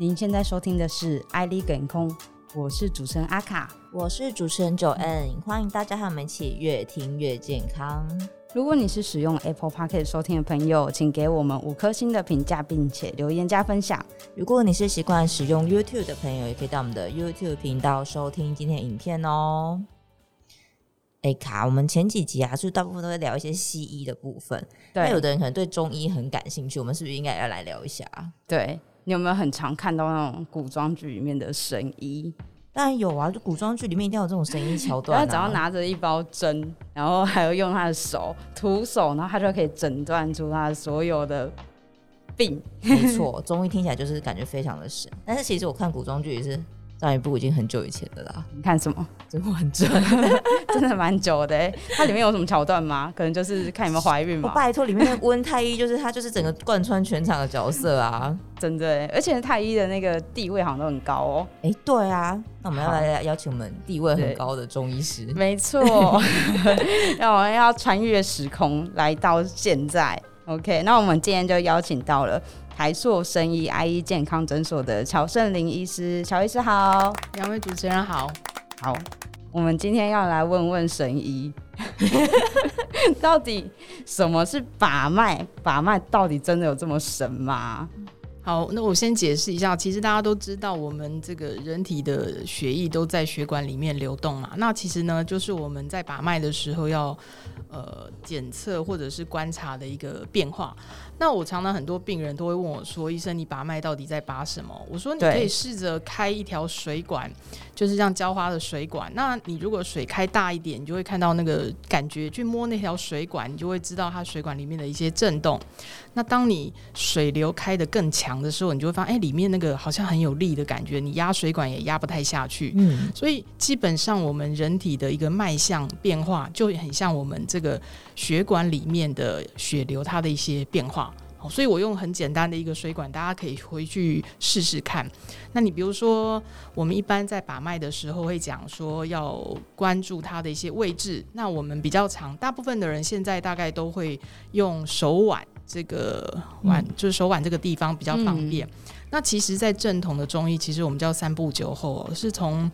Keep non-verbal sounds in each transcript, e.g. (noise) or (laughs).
您現在收聽的是《艾麗根空》，我是主持人阿卡，我是主持人九恩，歡迎大家和我們一起越聽越健康。如果你是使用 Apple Podcast 收聽的朋友，請給我們五顆星的評價，並且留言加分享。如果你是習慣使用 YouTube 的朋友，也可以到我們的 YouTube 頻道收聽今天影片哦。阿、欸、卡，我們前幾集啊，是，是大部分都會聊一些西醫的部分，對那有的人可能對中醫很感興趣，我們是不是應該要來聊一下？對。你有沒有很常看到那種古裝劇裡面的神醫？當然有啊，就古裝劇裡面一定要有這種神醫橋段啊， (laughs) 他只要拿着一包針，然後還要用他的手，徒手，然後他就可以診斷出他所有的病。 (laughs) 沒錯，中醫聽起來就是感覺非常的神，但是其實我看古裝劇也是。上一部已經很久以前的啦，你看什麼？真的很準， (laughs) 真的蠻久的。它裡面有什麼橋段嗎？可能就是看有沒有懷孕吧。 (laughs) 我拜托，裡面溫太醫就是他，就是整個貫穿全場的角色啊， (laughs) 真的。而且太醫的那個地位好像都很高哦、喔。哎、欸，對啊，那我們要來邀請我們地位很高的中醫師，沒錯。 (laughs) (laughs) 那我們要穿越時空來到現在。OK，那我們今天就邀請到了。台塑生醫愛醫健康診所的喬聖琳醫師，喬醫師好，兩位主持人好。好，我們今天要來問問神醫， (laughs) (laughs) 到底什麼是把脈？把脈到底真的有這麼神嗎？嗯、好，那我先解釋一下，其實大家都知道，我們這個人體的血液都在血管裡面流動嘛，那其實呢，就是我們在把脈的時候要呃檢測或者是觀察的一個變化。那我常常很多病人都會問我說：“醫生，你把脈到底在把什麼？”我說：“你可以試着開一條水管，就是像澆花的水管。那你如果水開大一點，你就會看到那個感覺。去摸那條水管，你就會知道它水管裡面的一些震動。那當你水流開得更強的時候，你就會發現，哎，裡面那個好像很有力的感覺，你壓水管也壓不太下去。嗯，所以基本上我們人體的一個脈象變化，就很像我們這個血管裡面的血流它的一些變化。”所以我用很簡單的一個水管，大家可以回去試試看。那你比如說，我們一般在把脈的時候會講說要關注它的一些位置。那我們比較常，大部分的人現在大概都會用手腕這個腕，嗯、就是手腕這個地方比較方便。嗯、那其實，在正統的中醫，其實我們叫三部九候，是從，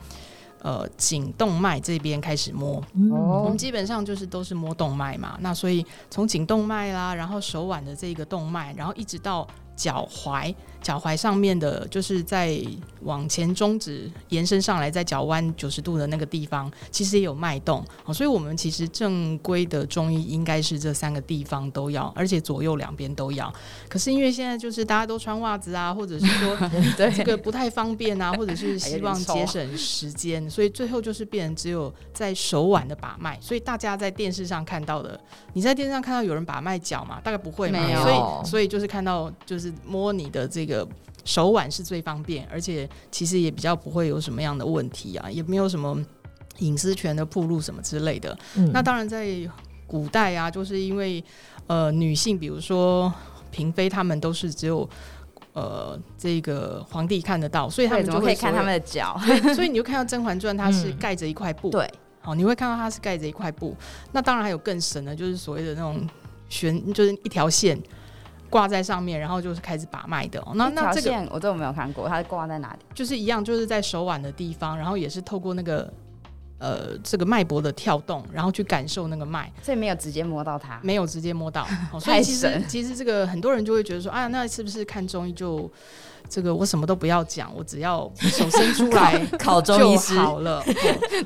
呃，頸動脈這邊開始摸，嗯、我們基本上就是都是摸動脈嘛，那所以從頸動脈啦，然後手腕的這個動脈，然後一直到腳踝。腳踝上面的，就是在往前中指延伸上來，在腳彎九十度的那個地方，其實也有脈動。哦，所以我們其實正規的中醫應該是這三個地方都要，而且左右兩邊都要。可是因為現在就是大家都穿襪子啊，或者是說這個不太方便啊， (laughs) 對 或者是希望節省時間， (laughs) 哎呀、所以最後就是變成只有在手腕的把脈。所以大家在電視上看到的，你在電視上看到有人把脈腳嘛？大概不會嗎？沒有所以所以就是看到就是摸你的這個。手腕是最方便，而且其實也比較不會有什麼樣的問題啊，也沒有什麼隱私權的暴露什麼之類的。嗯，那當然在古代啊，就是因為呃女性，比如說嬪妃，她們都是只有呃這個皇帝看得到，所以他們就怎麼可以看他們的腳。 (laughs) 所以你就看到《甄嬛傳》，它是蓋着一塊布，對，哦，你會看到它是蓋着一塊布。那當然還有更神的，就是所謂的那種懸，就是一條線。掛在上面，然後就是開始把脈的。哦。那那這個我都沒有看過，它是掛在哪裡？就是一樣，就是在手腕的地方，然後也是透過那個呃這個脈搏的跳動，然後去感受那個脈。所以沒有直接摸到它，沒有直接摸到。哦、神所以其實其實這個很多人就會覺得說，啊、哎，那是不是看中醫就這個我什麼都不要講，我只要手伸出來就 (laughs) 考中醫師好了？哦、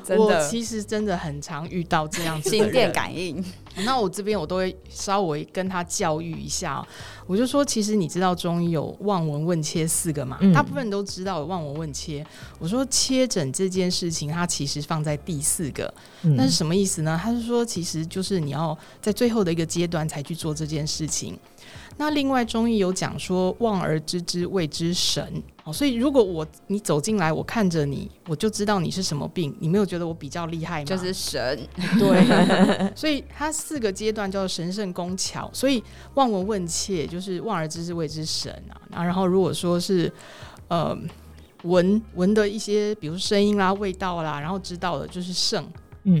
的我其實真的很常遇到這樣子的心電感應。啊、那我這邊我都會稍微跟他教育一下，喔，我就說，其實你知道中醫有望聞問切四個嘛，嗯、大部分人都知道有望聞問切。我說切診這件事情，它其實放在第四個，那、嗯、是什麼意思呢？他是說，其實就是你要在最後的一個階段才去做這件事情。那另外中醫有講說，望而知之謂之神，哦，所以如果我你走進來，我看着你，我就知道你是什麼病。你沒有覺得我比較厲害嗎？就是神，對， (laughs) 所以它四個階段叫做神聖工巧，所以望聞問切就是望而知之謂之神啊。然後如果說是呃聞聞的一些，比如聲音啦、味道啦，然後知道的就是聖。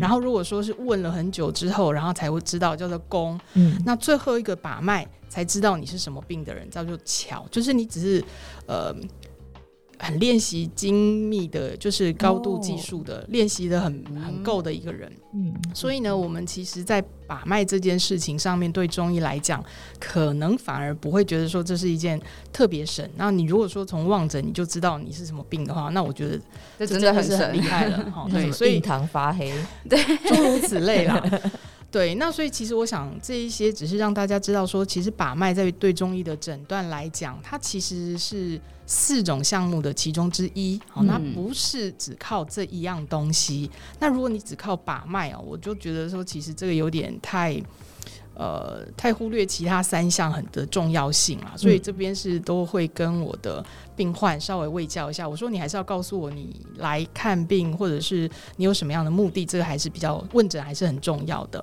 然後如果說是問了很久之後，然後才會知道叫做工。嗯，那最後一個把脈。才知道你是什麼病的人叫做巧，就是你只是，呃，很練習精密的，就是高度技術的練習的很很夠的一個人。嗯、mm，hmm. 所以呢，我們其實，在把脈這件事情上面，對中醫來講，可能反而不會覺得說這是一件特別神。那你如果說從望診你就知道你是什麼病的話，那我覺得真這真的很厲害了。好、哦，所以印 (laughs) 對以堂發黑，對，諸如此類啦。 (laughs) 對，那所以其實我想，這一些只是讓大家知道說，其實把脈在於對中醫的診斷來講，它其實是四種項目的其中之一。好、嗯，那不是只靠這一樣東西。那如果你只靠把脈啊、喔，我就覺得說，其實這個有點太。呃，太忽略其他三項很的重要性啊。所以這邊是都會跟我的病患稍微衛教一下。嗯、我說，你還是要告訴我你來看病，或者是你有什麼樣的目的，這個還是比較問診還是很重要的。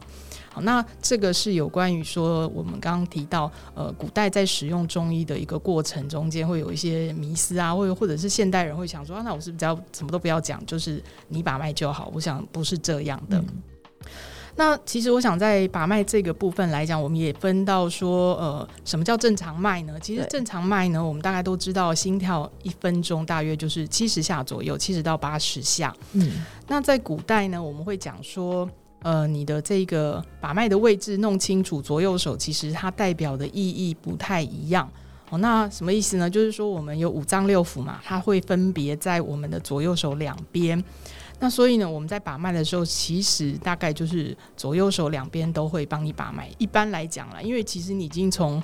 好，那這個是有關於說我們剛剛提到，呃，古代在使用中醫的一個過程中間會有一些迷思啊，或或者是現代人會想說，啊、那我是不是要什麼都不要講，就是你把脈就好？我想不是這樣的。嗯那其實我想在把脈這個部分來講，我們也分到說，呃，什麼叫正常脈呢？其實正常脈呢，我們大概都知道，心跳一分鐘大約就是七十下左右，七十到八十下。嗯，那在古代呢，我們會講說，呃，你的這個把脈的位置弄清楚，左右手其實它代表的意義不太一樣。哦，那什麼意思呢？就是說我們有五臟六腑嘛，它會分別在我們的左右手兩邊。那所以呢，我們在把脈的時候，其實大概就是左右手兩邊都會幫你把脈。一般來講啦，因為其實你已經從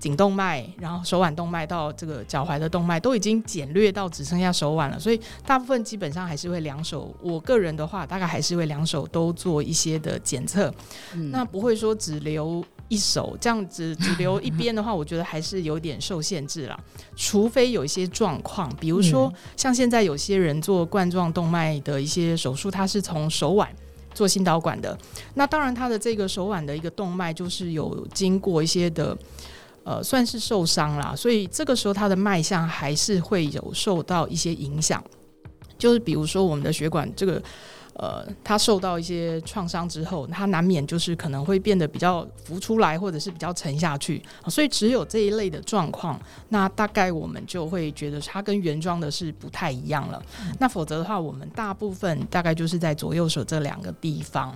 頸動脈，然後手腕動脈到這個腳踝的動脈都已經簡略到只剩下手腕了，所以大部分基本上還是會兩手。我個人的話，大概還是會兩手都做一些的檢測，嗯、那不會說只留。一手這樣子只留一邊的話，我覺得還是有點受限制了。 (laughs) 除非有一些狀況，比如說像現在有些人做冠狀動脈的一些手術，他是從手腕做心導管的。那當然，他的這個手腕的一個動脈就是有經過一些的，呃，算是受傷了。所以這個時候，他的脈象還是會有受到一些影響。就是比如說，我們的血管這個。呃，他受到一些創傷之後，他難免就是可能會變得比較浮出來，或者是比較沉下去。啊、所以只有這一類的狀況，那大概我們就會覺得它跟原裝的是不太一樣了。嗯、那否則的話，我們大部分大概就是在左右手這兩個地方、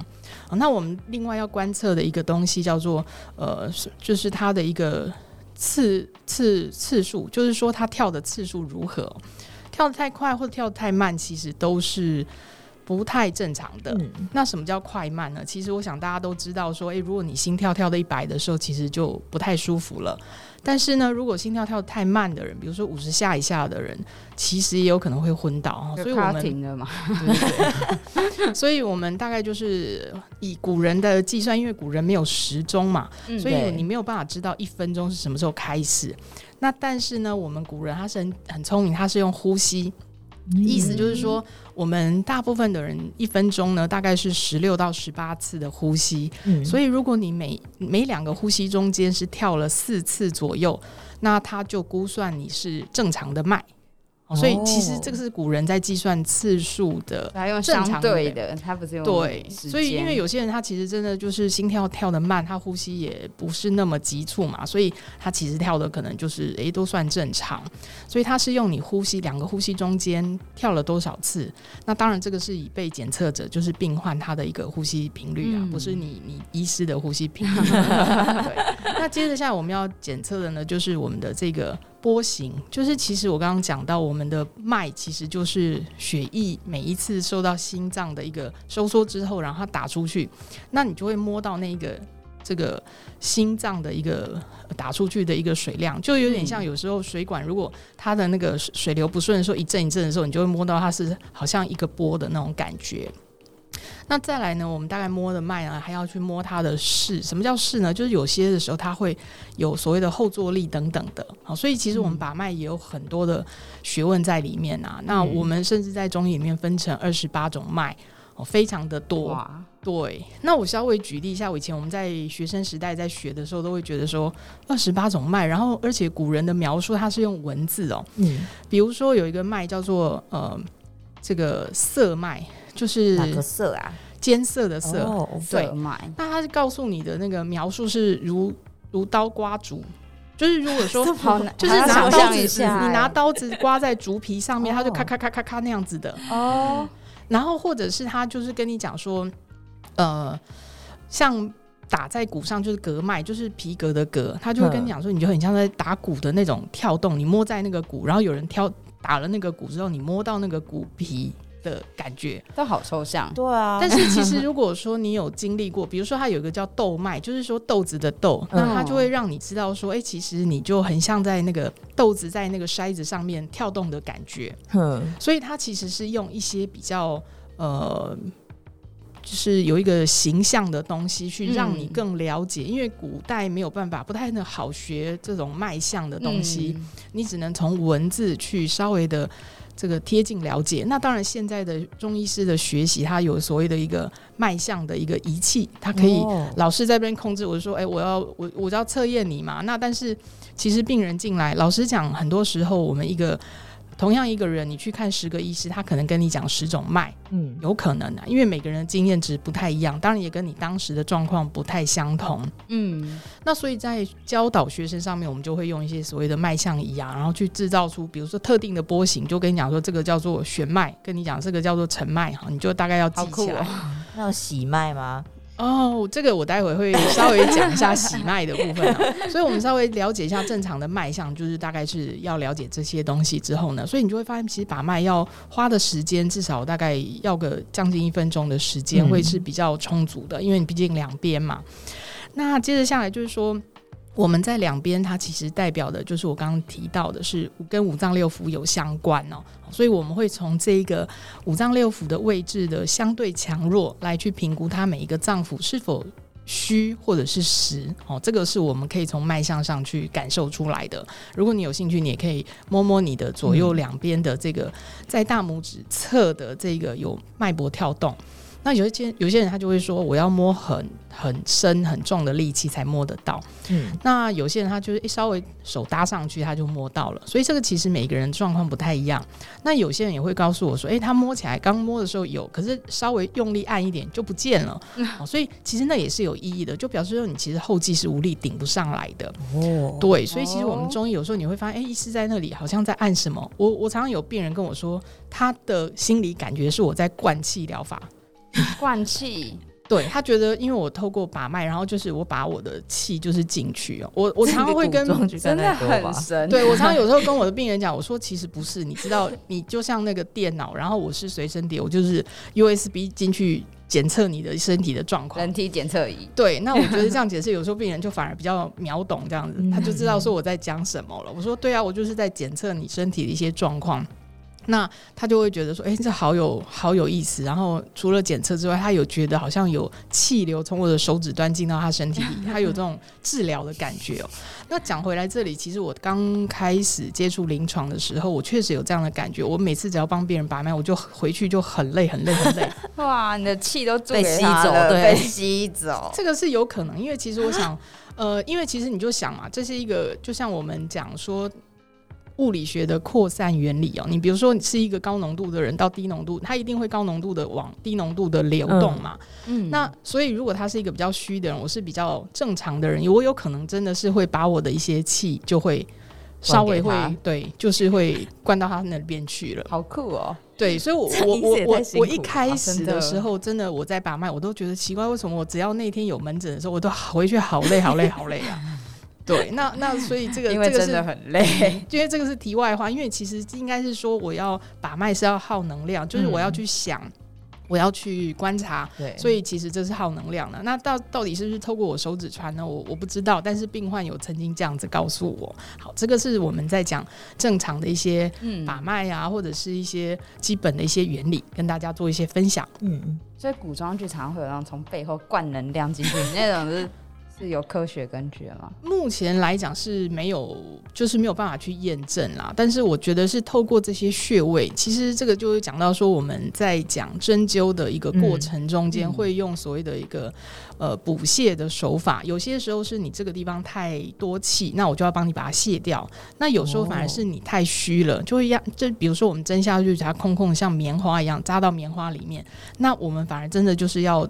啊。那我們另外要觀測的一個東西叫做呃，就是它的一個次次次數，就是說它跳的次數如何，跳得太快或者跳得太慢，其實都是。不太正常的。嗯、那什麼叫快慢呢？其實我想大家都知道，說，哎、欸，如果你心跳跳到一百的時候，其實就不太舒服了。但是呢，如果心跳跳得太慢的人，比如說五十下以下的人，其實也有可能會昏倒、啊。所以，我們所以，我們大概就是以古人的計算，因為古人沒有時鐘嘛，所以你沒有辦法知道一分鐘是什麼時候開始。嗯、那但是呢，我們古人他是很很聰明，他是用呼吸。意思就是說，我們大部分的人一分鐘呢，大概是十六到十八次的呼吸，嗯。所以如果你每每兩個呼吸中間是跳了四次左右，那他就估算你是正常的脈。所以其實這個是古人在計算次數的，他用相對的，他不是用對，對。所以因為有些人他其實真的就是心跳跳得慢，他呼吸也不是那麼急促嘛，所以他其實跳的可能就是誒、欸、都算正常。所以他是用你呼吸兩個呼吸中間跳了多少次。那當然這個是以被檢測者就是病患他的一個呼吸頻率啊，不是你你醫師的呼吸頻率。嗯、對，那接着下來我們要檢測的呢，就是我們的這個。波形就是，其實我剛剛講到，我們的脈其實就是血液每一次受到心臟的一個收縮之後，然後它打出去，那你就會摸到那個這個心臟的一個打出去的一個水量，就有點像有時候水管如果它的那個水流不順的時候，說一陣一陣的時候，你就會摸到它是好像一個波的那種感覺。那再來呢？我們大概摸的脈啊，還要去摸它的勢。什麼叫勢呢？就是有些的時候，它會有所謂的後坐力等等的。好，所以其實我們把脈也有很多的學問在裡面啊。嗯、那我們甚至在中醫裡面分成二十八種脈，非常的多。哇對。那我稍微舉例一下，我以前我們在學生時代在學的時候，都會覺得說二十八種脈，然後而且古人的描述它是用文字哦、喔。嗯。比如說有一個脈叫做呃這個澀脈。就是色啊，尖色的色，色啊 Oh, okay. 對。那他是告訴你的那個描述是如如刀刮竹，就是如果說 (laughs) 不就是拿刀子，你拿刀子刮在竹皮上面， (laughs) oh. 它就咔咔咔咔咔那樣子的哦。Oh. 嗯、然後或者是他就是跟你講說，呃，像打在鼓上就是革脈，就是皮革的革，他就會跟你講說，你就很像在打鼓的那種跳動，你摸在那個鼓，然後有人挑打了那個鼓之後，你摸到那個鼓皮。的感覺都好抽象，對啊。但是其實，如果說你有經歷過，比如說他有一個叫豆脈，就是說豆子的豆，那他就會讓你知道說，哎，其實你就很像在那個豆子在那個篩子上面跳動的感覺。嗯，所以他其實是用一些比較呃，就是有一個形象的東西去讓你更了解，因為古代沒有辦法，不太能好學這種脈象的東西，你只能從文字去稍微的。這個貼近了解，那當然現在的中醫師的學習，他有所謂的一個脈象的一個儀器，他可以老師在這邊控制。我就說，哎、欸，我要我我就要測驗你嘛。那但是其實病人進來，老實講，很多時候我們一個。同樣一個人，你去看十個醫師，他可能跟你講十種脈，嗯，有可能的，啊，因為每個人的經驗值不太一樣，當然也跟你當時的狀況不太相同，嗯。那所以在教導學生上面，我們就會用一些所謂的脈象儀啊，然後去製造出比如說特定的波形，就跟你講說這個叫做弦脈，跟你講這個叫做沉脈，哈，你就大概要記起來。那、哦、要喜脈嗎？哦，oh, 這個我待會會稍微講一下喜脈的部分，啊， (laughs) 所以我們稍微了解一下正常的脈象，就是大概是要了解這些東西之後呢，所以你就會發現，其實把脈要花的時間至少大概要個將近一分鐘的時間，嗯，會是比較充足的，因為你畢竟兩邊嘛。那接着下來就是說，我們在兩邊，它其實代表的就是我剛剛提到的，是跟五臟六腑有相關哦。所以我們會從這個五臟六腑的位置的相對強弱來去評估它每一個臟腑是否虛或者是實哦。這個是我們可以從脈象上去感受出來的。如果你有興趣，你也可以摸摸你的左右兩邊的這個，在大拇指側的這個有脈搏跳動。那有一些有些人他就會說，我要摸很很深很重的力氣才摸得到。嗯，那有些人他就是一、欸、稍微手搭上去，他就摸到了。所以這個其實每個人狀況不太一樣。那有些人也會告訴我說，哎、欸，他摸起來剛摸的時候有，可是稍微用力按一點就不見了、嗯。所以其實那也是有意義的，就表示說你其實後繼是無力頂不上來的。哦，對，所以其實我們中醫有時候你會發現，哎、欸，醫師在那裡好像在按什麼。我我常常有病人跟我說，他的心理感覺是我在灌氣療法。灌氣，對他覺得，因為我透過把脈，然後就是我把我的氣就是進去哦，我我常常會跟，跟真的很神、啊，對我常常有時候跟我的病人講，我說其實不是，你知道，你就像那個電腦，然後我是隨身碟，我就是 USB 進去檢測你的身體的狀況，人體檢測儀。對，那我覺得這樣解釋，有時候病人就反而比較秒懂這樣子， (laughs) 他就知道說我在講什麼了。我說對啊，我就是在檢測你身體的一些狀況。那他就會覺得說，哎、欸，這好有好有意思。然後除了檢測之外，他有覺得好像有氣流從我的手指端進到他身體裡， (laughs) 他有這種治療的感覺哦、喔。那講回來這裡，其實我剛開始接觸臨床的時候，我確實有這樣的感覺。我每次只要幫別人把脈，我就回去就很累，很累，很累。 (laughs) 哇，你的氣都被吸走，對，被吸走對。這個是有可能，因為其實我想，蛤呃，因為其實你就想嘛，這是一個，就像我們講說。物理學的擴散原理哦，你比如說你是一個高濃度的人到低濃度，他一定會高濃度的往低濃度的流動嘛。嗯，那所以如果他是一個比較虛的人，我是比較正常的人，我有可能真的是會把我的一些氣就會稍微會對，就是會灌到他那邊去了。好酷哦，對，所以我，我我我我我一開始的時候，真的我在把脈，我都覺得奇怪，為什麼我只要那天有門診的時候，我都好回去好累，好累，好累啊。 (laughs) 對，那那所以這個因為真的很累，因為這個是題外話。因為其實應該是說，我要把脈是要耗能量，就是我要去想，嗯、我要去觀察，對，所以其實這是耗能量的。那到到底是不是透過我手指傳呢？我我不知道。但是病患有曾經這樣子告訴我。好，這個是我們在講正常的一些把脈啊，或者是一些基本的一些原理，跟大家做一些分享。嗯，所以古裝劇常常會有人從背後灌能量進去那種是。 (laughs) 是有科學根據了，目前來講是沒有，就是沒有辦法去驗證啦。但是我覺得是透過這些穴位，其實這個就是講到說我們在講針灸的一個過程中間，嗯、會用所謂的一個呃補瀉的手法。嗯、有些時候是你這個地方太多氣，那我就要幫你把它卸掉。那有時候反而是你太虛了，就會壓。就比如說我們針下去，它空空像棉花一樣扎到棉花裡面，那我們反而真的就是要。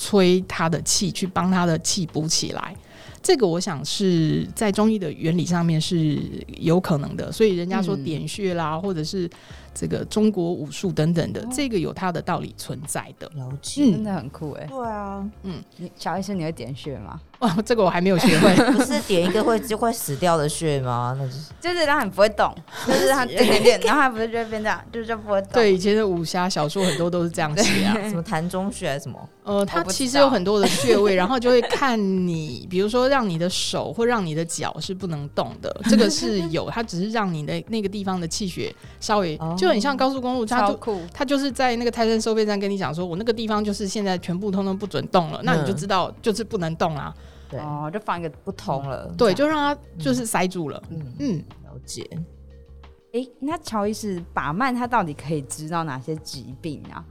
吹他的氣，去幫他的氣補起來，這個我想是在中醫的原理上面是有可能的，所以人家說點穴啦，嗯、或者是。這個中國武術等等的，這個有它的道理存在的，真的很酷哎。對啊，嗯，喬醫生，你會點穴嗎？哇，這個我還沒有學會，不是點一個會就會死掉的穴嗎？那就是就是讓他很不會動，就是他點點點，然後不是就變這樣，就就不會動。對，以前的武俠小說很多都是這樣寫啊，什麼膻中穴什麼，呃，它其實有很多的穴位，然後就會看你，比如說讓你的手或讓你的腳是不能動的，這個是有，它只是讓你的那個地方的氣血稍微。就很像高速公路，它它就是在那個泰山收費站跟你講說，我那個地方就是現在全部通通不准動了，嗯、那你就知道就是不能動了、啊嗯、對哦，就放一個不同了，對，就讓它就是塞住了。嗯嗯，嗯嗯了解。欸、那喬醫師把脈，他到底可以知道哪些疾病啊？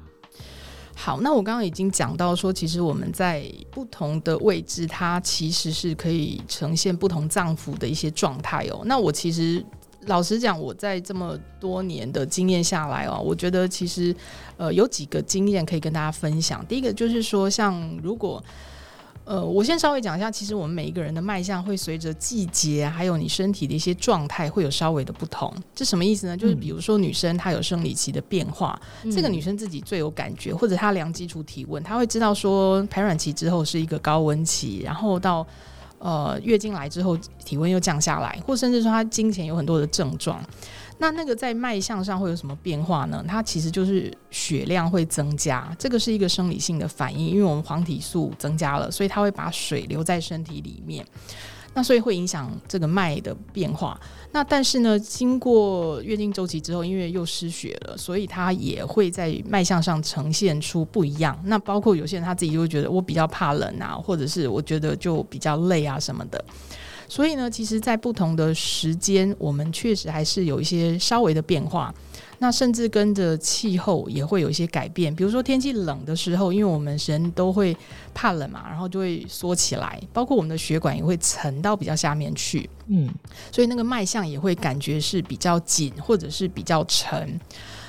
好，那我剛剛已經講到說，其實我們在不同的位置，它其實是可以呈現不同臟腑的一些狀態哦。那我其實。老實講，我在這麼多年的經驗下來哦，我覺得其實，呃，有幾個經驗可以跟大家分享。第一個就是說，像如果，呃，我先稍微講一下，其實我們每一個人的脈象會隨着季節，還有你身體的一些狀態會有稍微的不同。這什麼意思呢？就是比如說女生她有生理期的變化，嗯、這個女生自己最有感覺，或者她量基礎體溫，她會知道說排卵期之後是一個高溫期，然後到。呃，月經來之後，體溫又降下來，或甚至說他經前有很多的症狀，那那個在脈象上會有什麼變化呢？它其實就是血量會增加，這個是一個生理性的反應，因為我們黃體素增加了，所以它會把水留在身體裡面。那所以會影響這個脈的變化。那但是呢，經過月經週期之後，因為又失血了，所以它也會在脈象上呈現出不一樣。那包括有些人他自己就會覺得我比較怕冷啊，或者是我覺得就比較累啊什麼的。所以呢，其實在不同的時間，我們確實還是有一些稍微的變化。那甚至跟着氣候也會有一些改變，比如說天氣冷的時候，因為我們人都會怕冷嘛，然後就會縮起來，包括我們的血管也會沉到比較下面去，嗯，所以那個脈象也會感覺是比較緊或者是比較沉。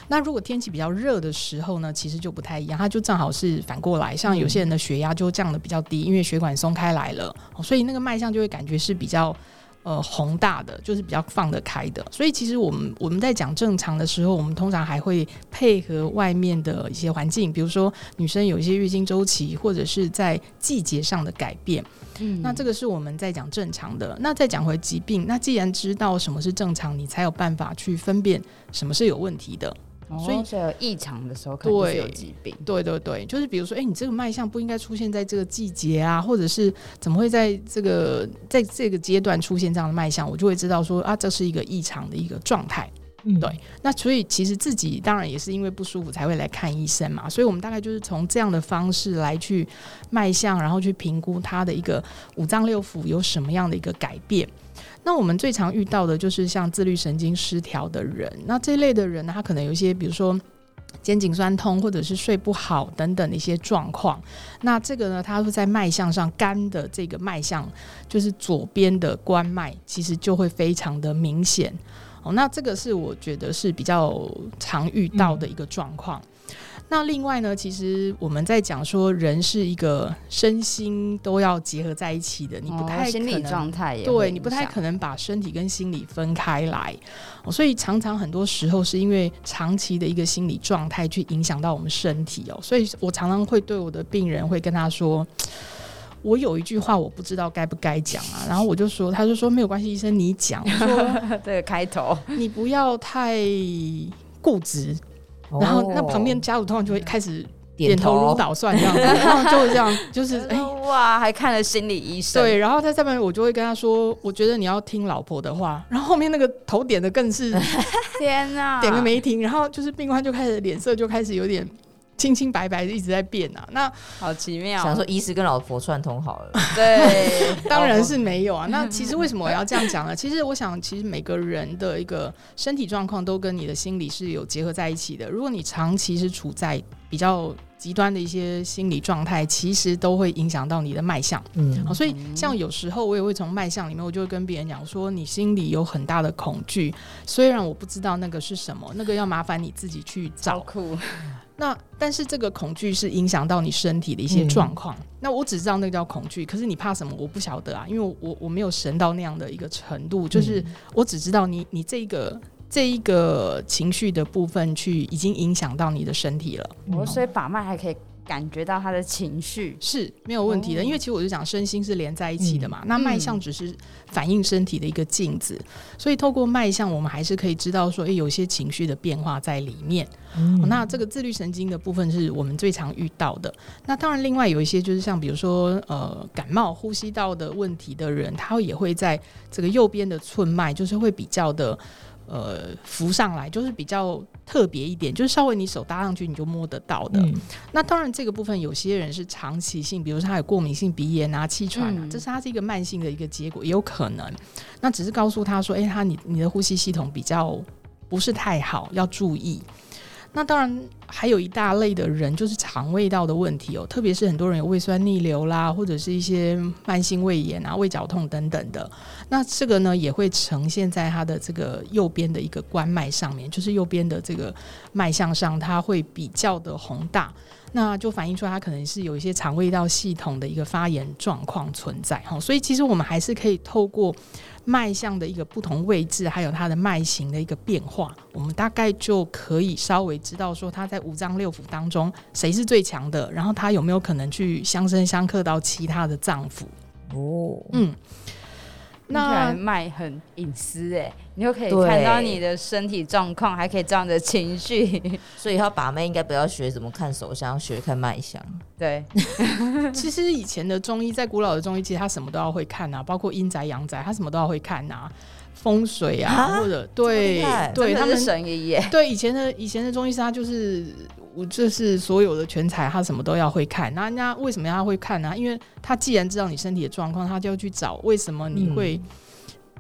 那如果天氣比較熱的時候呢，其實就不太一樣，它就正好是反過來，像有些人的血壓就降得比較低，因為血管鬆開來了，所以那個脈象就會感覺是比較。呃，宏大的就是比較放得開的，所以其實我們我們在講正常的時候，我們通常還會配合外面的一些環境，比如說女生有一些月經週期，或者是在季節上的改變。嗯，那這個是我們在講正常的。那再講回疾病，那既然知道什麼是正常，你才有辦法去分辨什麼是有問題的。哦，所以異常的時候可能會有疾病，對，對對對，就是比如說，哎、欸，你這個脈象不應該出現在這個季節啊，或者是怎麼會在這個在這個階段出現這樣的脈象，我就會知道說啊，這是一個異常的一個狀態。對，那所以其實自己當然也是因為不舒服才會來看醫生嘛。所以我們大概就是從這樣的方式來去脈象，然後去評估他的一個五臟六腑有什麼樣的一個改變。那我們最常遇到的就是像自律神經失調的人，那這一類的人呢，他可能有一些，比如說肩頸痠痛或者是睡不好等等的一些狀況。那這個呢，他會在脈象上肝的這個脈象，就是左邊的關脈，其實就會非常的明顯。哦，那這個是我覺得是比較常遇到的一個狀況。嗯，那另外呢，其實我們在講說，人是一個身心都要結合在一起的，你不太可能，哦，對你不太可能把身體跟心理分開來，哦。所以常常很多時候是因為長期的一個心理狀態去影響到我們身體哦。所以我常常會對我的病人會跟他說，我有一句話我不知道該不該講啊，然後我就說，他就說沒有關係，醫生你講。對這個開頭，你不要太固執。然後那旁邊家屬通常就會開始點頭如搗蒜這樣子，然後就是這樣，就是哎哇，還看了心理醫生。對，然後他在下面我就會跟他說，我覺得你要聽老婆的話。然後後面那個頭點的更是天哪，點個沒停。然後就是病患就開始臉色就開始有點。清清白白，一直在變啊。那好奇妙。想說醫師跟老婆串通好了， (laughs) 對， (laughs) 當然是沒有啊。那其實為什麼我要這樣講呢？ (laughs) 其實我想，其實每個人的一個身體狀況都跟你的心理是有結合在一起的。如果你長期是處在比較極端的一些心理狀態，其實都會影響到你的脈象。嗯，好、啊，所以像有時候我也會從脈象裡面，我就會跟別人講說，你心裡有很大的恐懼，雖然我不知道那個是什麼，那個要麻煩你自己去找。那但是這個恐懼是影響到你身體的一些狀況。嗯、那我只知道那個叫恐懼，可是你怕什麼？我不曉得啊，因為我我沒有神到那樣的一個程度，就是我只知道你你這一個這一個情緒的部分去已經影響到你的身體了。我、嗯哦、所以把脈還可以。感覺到他的情緒是沒有問題的，因為其實我就講身心是連在一起的嘛。嗯、那脈象只是反映身體的一個鏡子，嗯、所以透過脈象，我們還是可以知道說，誒，有些情緒的變化在裡面、嗯哦。那這個自律神經的部分是我們最常遇到的。那當然，另外有一些就是像比如說，呃，感冒、呼吸道的問題的人，他也會在這個右邊的寸脈，就是會比較的。呃，浮上來就是比較特別一點，就是稍微你手搭上去你就摸得到的。嗯、那當然，這個部分有些人是長期性，比如說他有過敏性鼻炎啊、氣喘啊，嗯、這是他是一個慢性的一個結果，也有可能。那只是告訴他說，哎、欸，他你你的呼吸系統比較不是太好，要注意。那當然。還有一大類的人就是腸胃道的問題哦，特別是很多人有胃酸逆流啦，或者是一些慢性胃炎啊、胃絞痛等等的。那這個呢，也會呈現在他的這個右邊的一個關脈上面，就是右邊的這個脈象上，它會比較的宏大，那就反映出他可能是有一些腸胃道系統的一個發炎狀況存在哈。所以其實我們還是可以透過脈象的一個不同位置，還有它的脈型的一個變化，我們大概就可以稍微知道說他在。五臟六腑當中誰是最強的？然後他有沒有可能去相生相克到其他的臟腑？哦，oh. 嗯，那脈很隱私哎、欸，你又可以看到你的身體狀況，對還可以這樣的情緒。所以要把脈，應該不要學怎麼看手相，學看脈象。對， (laughs) (laughs) 其實以前的中醫，在古老的中醫，其實他什麼都要會看啊，包括陰宅陽宅，他什麼都要會看啊。風水啊，蛤或者，對對的，他們神醫耶？對，以前的以前的中醫師，他就是我，就是所有的全才，他什麼都要會看。那人家為什麼他會看呢、啊？因為他既然知道你身體的狀況，他就要去找為什麼你會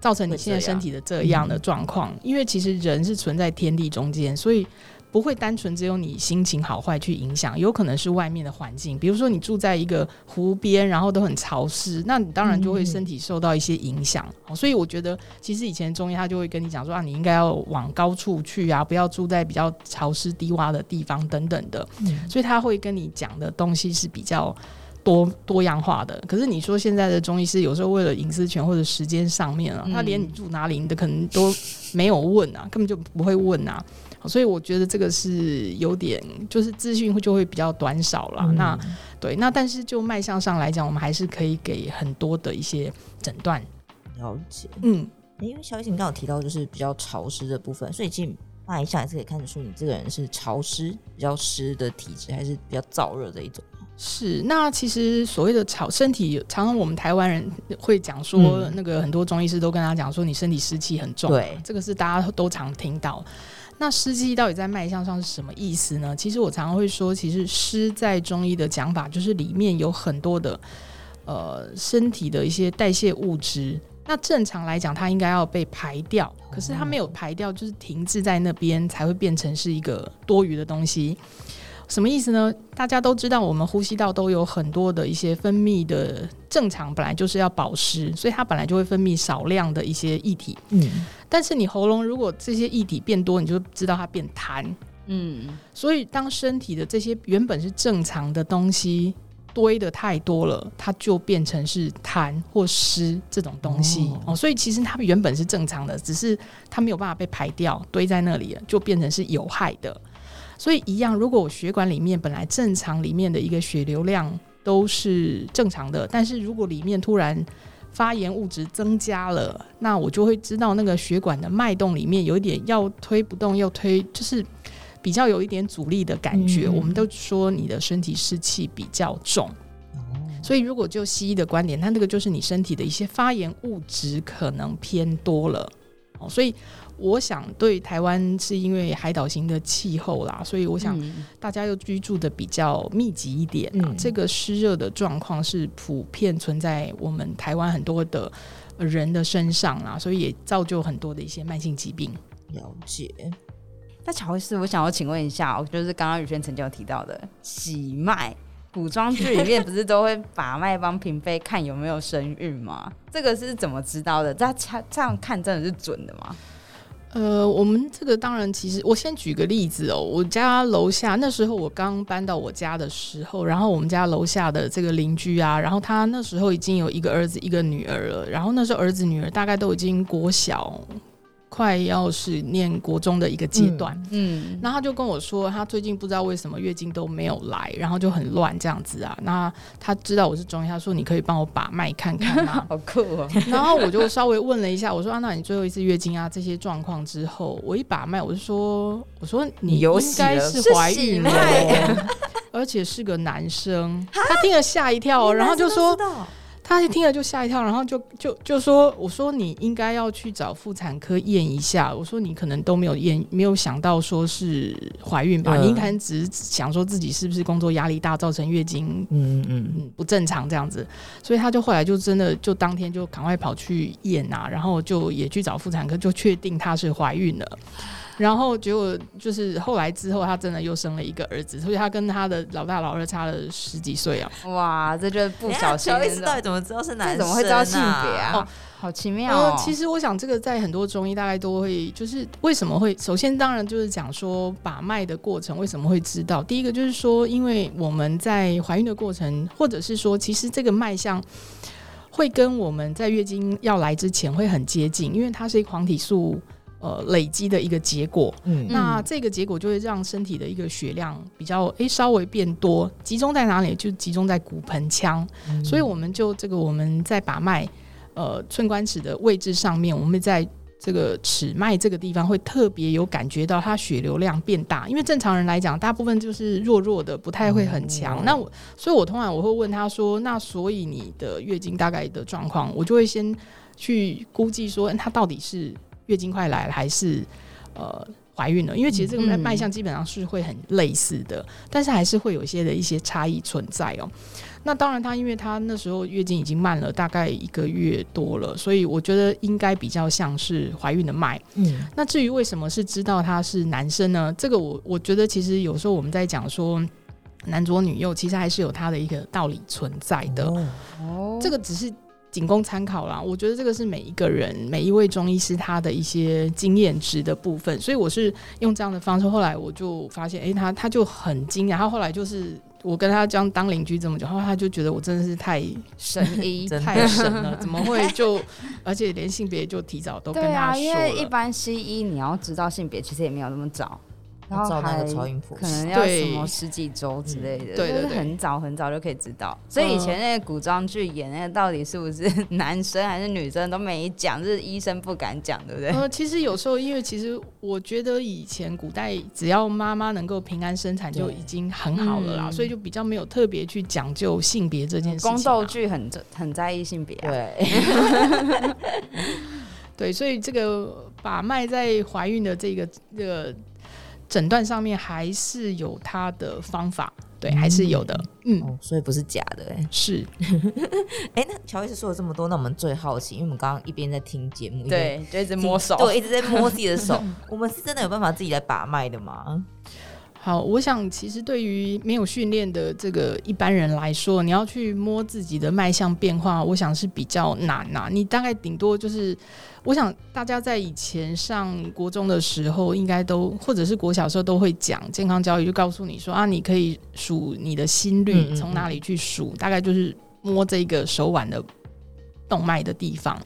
造成你現在身體的這樣的狀況。嗯、因為其實人是存在天地中間，所以。不會單純只有你心情好壞去影響，有可能是外面的環境，比如說你住在一個湖邊，然後都很潮濕，那你當然就會身體受到一些影響。嗯、所以我覺得，其實以前中醫他就會跟你講說啊，你應該要往高處去啊，不要住在比較潮濕低窪的地方等等的。嗯、所以他會跟你講的東西是比較多多樣化的。可是你說現在的中醫師有時候為了隱私權或者時間上面啊，嗯、他連你住哪裡你都可能都沒有問啊，根本就不會問啊。所以我覺得這個是有點，就是資訊就會比較短少了。嗯、那對，那但是就脈象上來講，我們還是可以給很多的一些診斷了解。嗯、欸，因為小雨姐你剛剛提到就是比較潮濕的部分，所以其實脈象還是可以看得出你這個人是潮濕、比較濕的體質，還是比較燥熱的一種。是，那其實所謂的潮身體，常常我們台灣人會講說，嗯、那個很多中醫師都跟他講說，你身體濕氣很重。對，這個是大家都常聽到。那濕氣到底在脈象上是什麼意思呢？其實我常常會說，其實濕在中醫的講法，就是裡面有很多的，呃，身體的一些代謝物質。那正常來講，它應該要被排掉，可是它沒有排掉，就是停滯在那邊，才會變成是一個多餘的東西。什麼意思呢？大家都知道，我們呼吸道都有很多的一些分泌的，正常本來就是要保濕，所以它本來就會分泌少量的一些液體。嗯，但是你喉嚨如果這些液體變多，你就知道它變痰。嗯，所以當身體的這些原本是正常的東西堆得太多了，它就變成是痰或濕這種東西。嗯。哦，所以其實它原本是正常的，只是它沒有辦法被排掉，堆在那裡了，就變成是有害的。所以一樣，如果我血管裡面本來正常，裡面的一個血流量都是正常的，但是如果裡面突然發炎物質增加了，那我就會知道那個血管的脈動裡面有一點要推不動，要推就是比較有一點阻力的感覺。嗯、我們都說你的身體濕氣比較重，嗯、所以如果就西醫的觀點，那這個就是你身體的一些發炎物質可能偏多了，哦，所以。我想對台灣是因為海島型的氣候啦，所以我想大家又居住的比較密集一點，嗯、這個濕熱的狀況是普遍存在我們台灣很多的人的身上啦，所以也造就很多的一些慢性疾病。了解。那喬醫師，我想要請問一下，我就是剛剛宇軒曾經有提到的，喜脈，古裝劇裡面不是都會把脈幫嬪妃看有沒有生育嗎？ (laughs) 這個是怎麼知道的？這樣看真的是準的嗎？呃，我們這個當然，其實我先舉個例子哦。我家樓下那時候我剛搬到我家的時候，然後我們家樓下的這個鄰居啊，然後他那時候已經有一個兒子一個女兒了，然後那時候兒子女兒大概都已經國小。快要是念國中的一個階段，嗯，嗯，然後他就跟我說，他最近不知道為什麼月經都沒有來，然後就很亂這樣子啊。那他知道我是中醫，他說，你可以幫我把脈看看嗎？啊？ (laughs) 好酷哦，喔！然後我就稍微問了一下， (laughs) 我說啊，那你最後一次月經啊這些狀況之後，我一把脈，我就說，我說你應該是懷孕，了，了 (laughs) 而且是個男生。他聽了嚇一跳，哈然後就說。他就聽了就嚇一跳，然後就就就說：“我說你應該要去找婦產科驗一下。我說你可能都沒有驗，沒有想到說是懷孕吧？呃、你可能只是想說自己是不是工作壓力大造成月經嗯嗯不正常這樣子。嗯嗯所以他就後來就真的就當天就趕快跑去驗啊，然後就也去找婦產科，就確定她是懷孕了。”然後結果就是後來之後，他真的又生了一個兒子，所以他跟他的老大老二差了十幾歲啊！哇，這就是不小心了。小思，到底怎麼知道是男生啊？怎麼會知道性別啊？哦、好奇妙哦。然後其實我想，這個在很多中醫大概都會，就是為什麼會首先當然就是講說把脈的過程為什麼會知道。第一個就是說，因為我們在懷孕的過程，或者是說，其實這個脈象會跟我們在月經要來之前會很接近，因為它是一個黃體素，呃，累積的一個結果，嗯，那這個結果就會讓身體的一個血量比較誒、欸、稍微變多，集中在哪裡？就集中在骨盆腔。嗯、所以我們就這個我們在把脈，呃，寸關尺的位置上面，我們在這個尺脈這個地方會特別有感覺到它血流量變大，因為正常人來講，大部分就是弱弱的，不太會很強。嗯、那我所以，我通常我會問他說：“那所以你的月經大概的狀況？”我就會先去估計說，他、嗯、到底是。月經快來了還是呃懷孕了？因為其實這個脈象基本上是會很類似的，嗯、但是還是會有一些的一些差異存在哦、喔。那當然，他因為他那時候月經已經慢了大概一個月多了，所以我覺得應該比較像是懷孕的脈。嗯，那至於為什麼是知道他是男生呢？這個我我覺得其實有時候我們在講說男左女右，其實還是有他的一個道理存在的。哦，這個只是。僅供參考啦，我覺得這個是每一個人、每一位中醫師他的一些經驗值的部分，所以我是用這樣的方式。後來我就發現，哎、欸，他他就很驚訝。然後後來就是我跟他這樣當鄰居這麼久，後他就覺得我真的是太神醫， (laughs) 太神了，怎麼會就 (laughs) 而且連性別就提早都跟他說、啊。因為一般西醫你要知道性別，其實也沒有那麼早。然後還可能要什麼十幾周之類的，對對，就是很早很早就可以知道。嗯、所以以前那個古裝劇演那個到底是不是男生還是女生都沒講，就是醫生不敢講，對不對？嗯、其實有時候因為其實我覺得以前古代只要媽媽能夠平安生產就已經很好了啦，嗯、所以就比較沒有特別去講究性別這件事情。宮鬥、嗯、劇很很在意性別、啊，對， (laughs) 對，所以這個把脈在懷孕的這個這個。診斷上面還是有他的方法，對，還是有的，嗯，嗯、哦，所以不是假的，哎，是，哎、 (laughs) 欸，那喬醫師說了這麼多，那我們最好奇，因為我們剛剛一邊在聽節目，對，一邊就一直摸手、嗯，對，一直在摸自己的手， (laughs) 我們是真的有辦法自己來把脈的嗎？好，我想其實對於沒有訓練的這個一般人來說，你要去摸自己的脈象變化，我想是比較難吶、啊。你大概頂多就是，我想大家在以前上國中的時候應，應該都或者是國小的時候都會講健康教育，就告訴你說啊，你可以數你的心率，從哪裡去數，嗯嗯嗯，大概就是摸這個手腕的動脈的地方。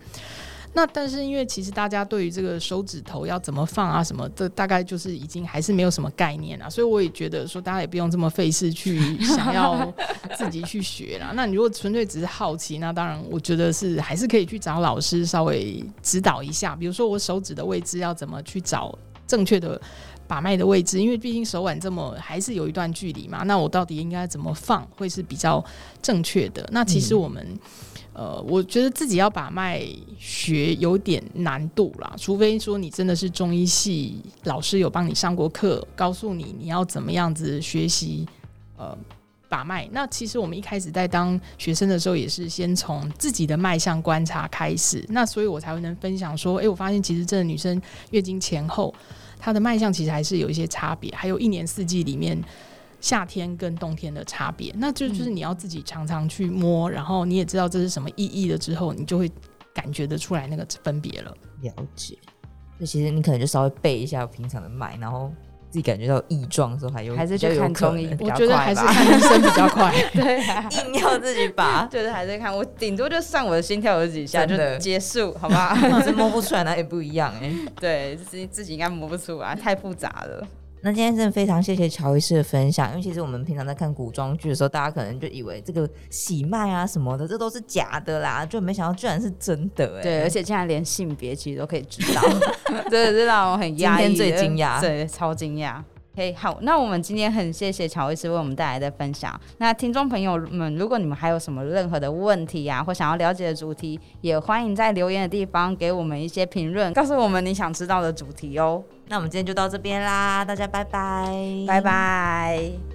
那但是，因為其實大家對於這個手指頭要怎麼放啊，什麼的，這大概就是已經還是沒有什麼概念了，所以我也覺得說，大家也不用這麼費事去想要自己去學了。 (laughs) 那你如果純粹只是好奇，那當然，我覺得是還是可以去找老師稍微指導一下。比如說，我手指的位置要怎麼去找正確的把脈的位置，因為畢竟手腕這麼還是有一段距離嘛。那我到底應該怎麼放會是比較正確的？那其實我們、嗯。呃，我覺得自己要把脈學有點難度啦，除非說你真的是中醫系老師有幫你上過課，告訴你你要怎麼樣子學習呃把脈。那其實我們一開始在當學生的時候，也是先從自己的脈象觀察開始，那所以我才會能分享說，哎、欸，我發現其實這個女生月經前後她的脈象其實還是有一些差別，還有一年四季裡面，夏天跟冬天的差別，那就就是你要自己常常去摸，嗯、然後你也知道這是什麼意義了之後，你就會感覺得出來那個分別了。了解，所以其實你可能就稍微背一下平常的脈，然後自己感覺到異狀的時候，還有還是去看中醫，我覺得還是看醫生比較快。對，硬要自己把， (laughs) 就是還是看我頂多就算我的心跳有幾下就結束，好吧？ (laughs) 是摸不出來哪裡不一樣哎、欸？對，自己自己應該摸不出來、啊，太複雜了。那今天真的非常謝謝喬醫師的分享，因為其實我們平常在看古裝劇的時候，大家可能就以為這個喜脈啊什麼的，這都是假的啦，就沒想到居然是真的哎、欸！對，而且竟然連性別其實都可以知道，真的 (laughs) 是讓我很驚訝，今天最驚訝，對，超驚訝。嘿，okay, 好，那我們今天很謝謝喬醫師為我們帶來的分享。那聽眾朋友們，如果你們還有什麼任何的問題呀、啊，或想要了解的主題，也歡迎在留言的地方給我們一些評論，告訴我們你想知道的主題哦。那我們今天就到這邊啦，大家拜拜，拜拜。